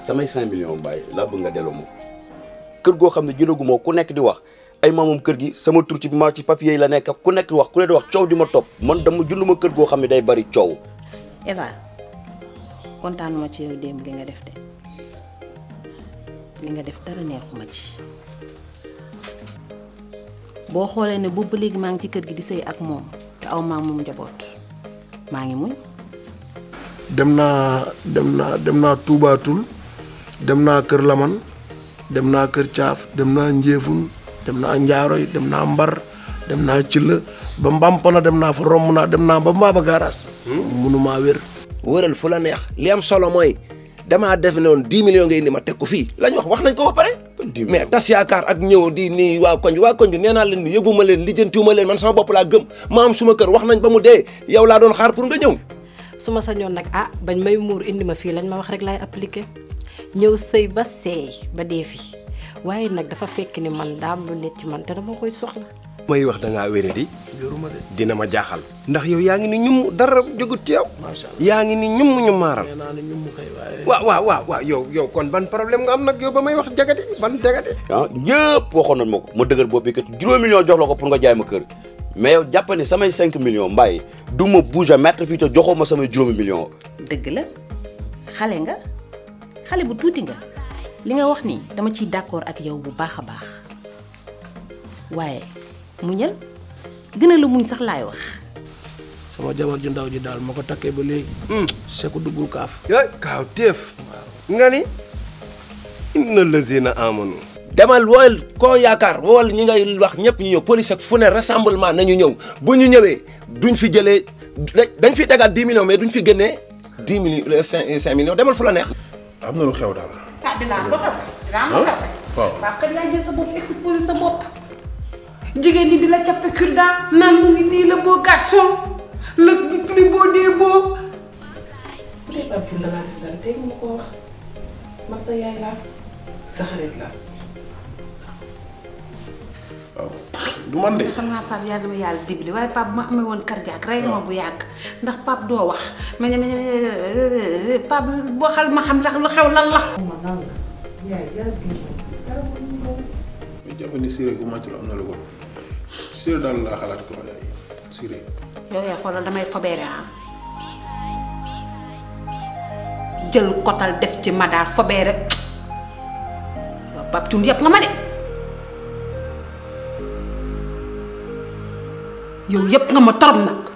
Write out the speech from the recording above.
samay 5 millions mbaay laa nga delloo ma kër goo xam ne jëndaguma ku nekk di wax ay maamam kër gi sama tur ci ma ci papier yi la nekk ku nekk di wax ku ne di wax coow di ma topp man dama ma kër goo xam ne day bari coow. Eva kontaan ma ci yow démb li nga def de li nga def dara neexuma ci boo xoolee ne boobu ba léegi maa ngi ci kër gi di sëy ak moom te aw maa njaboot maa ngi muñ. dem naa dem naa dem naa tuubaatul dem na keur laman dem na keur tiaf dem na njefun dem na njaaroy dem na mbar dem na cilla ba mbampana dem na fa romb naa dem na ba mbaaba garas munuma wer weral fu la neex li am solo moy dama def non 10 millions ngay ma lañ wax wax nañ ko ba pare mais tas yaakaar ak ñëw di ni wa koñ wa koñ neena naa leen ni yeguma leen lijjantiwuma leen man sama bop la gem ma am suma keur wax nañ ba mu de yow la doon xaar pour nga ñew suma sañon nak ah bañ may mur indi ma fi lañ ma wax rek lay appliquer ñew sey ba sey ba defi waye nak dafa fekk ni man daam lu ne ci man te dama koy soxla. may wax da nga wéré di. yoruma de dina ma jaxal ndax yow yaangi ni ñum dara jogut ci yow. yaangi ni ñum ñu maaral. wa wa wa wa yow yow kon ban problème nga am nak yow ba may wax jagaté ban jagaté ah, ñepp ñëpp waxoon nañ ma ko ma dëgër boobu kat juróomi million jox lako pour nga jaay ma kër mais yow jàpp ne samay 5 millions mbaay duma bouger mettre fi mètre fii te joxoo samay juróomi millions. deug la xalé nga xale bu tuuti nga li nga wax ni dama ci d'accord ak yow bu baax a baax waaye muñal gëna lu muñ sax laay wax sama jabar ju ndaw ji daal ma ko takkee ba léegi hmm. seku duggul kaaf kaaw téef nga ni inna lazina amanu demal wol ko yaakar wol ñi ngay wax ñëpp ñu ñëw police ak fu rassemblement nañu ñëw bu ñu ñëwee duñ fi jëlee dañ fi tegaat 10 millions mais duñ fi génnee 10 millions 5 millions demal fu la neex am na lu xew daal. ah dinaa ko xew dinaa ko xew. waaw waaw kat yaa jël sa bopp exposé sa bopp. jigéen ñi di la cappe cure daa naan mu ngi nii la beau garçon le plus beau des beaux. tey Abdoulaye daal tey wax man sa yaay laa sa xarit laa du man de. xam naa Pape yàlla dama yàlla dimbali waaye Pape ma amee woon cardiaque rey ma bu yàgg ndax Pape doo wax ma ne ma ne Pape boo ma xam ndax lu xew lan la. am na lu ko Siré daal laa xalaat ko yaay Siré. yow xoolal damay fobeere ah. jël kotal def ci madaar fobeere waaw Pape Thioune yëpp nga ma de. yow yëpp nga ma torop nag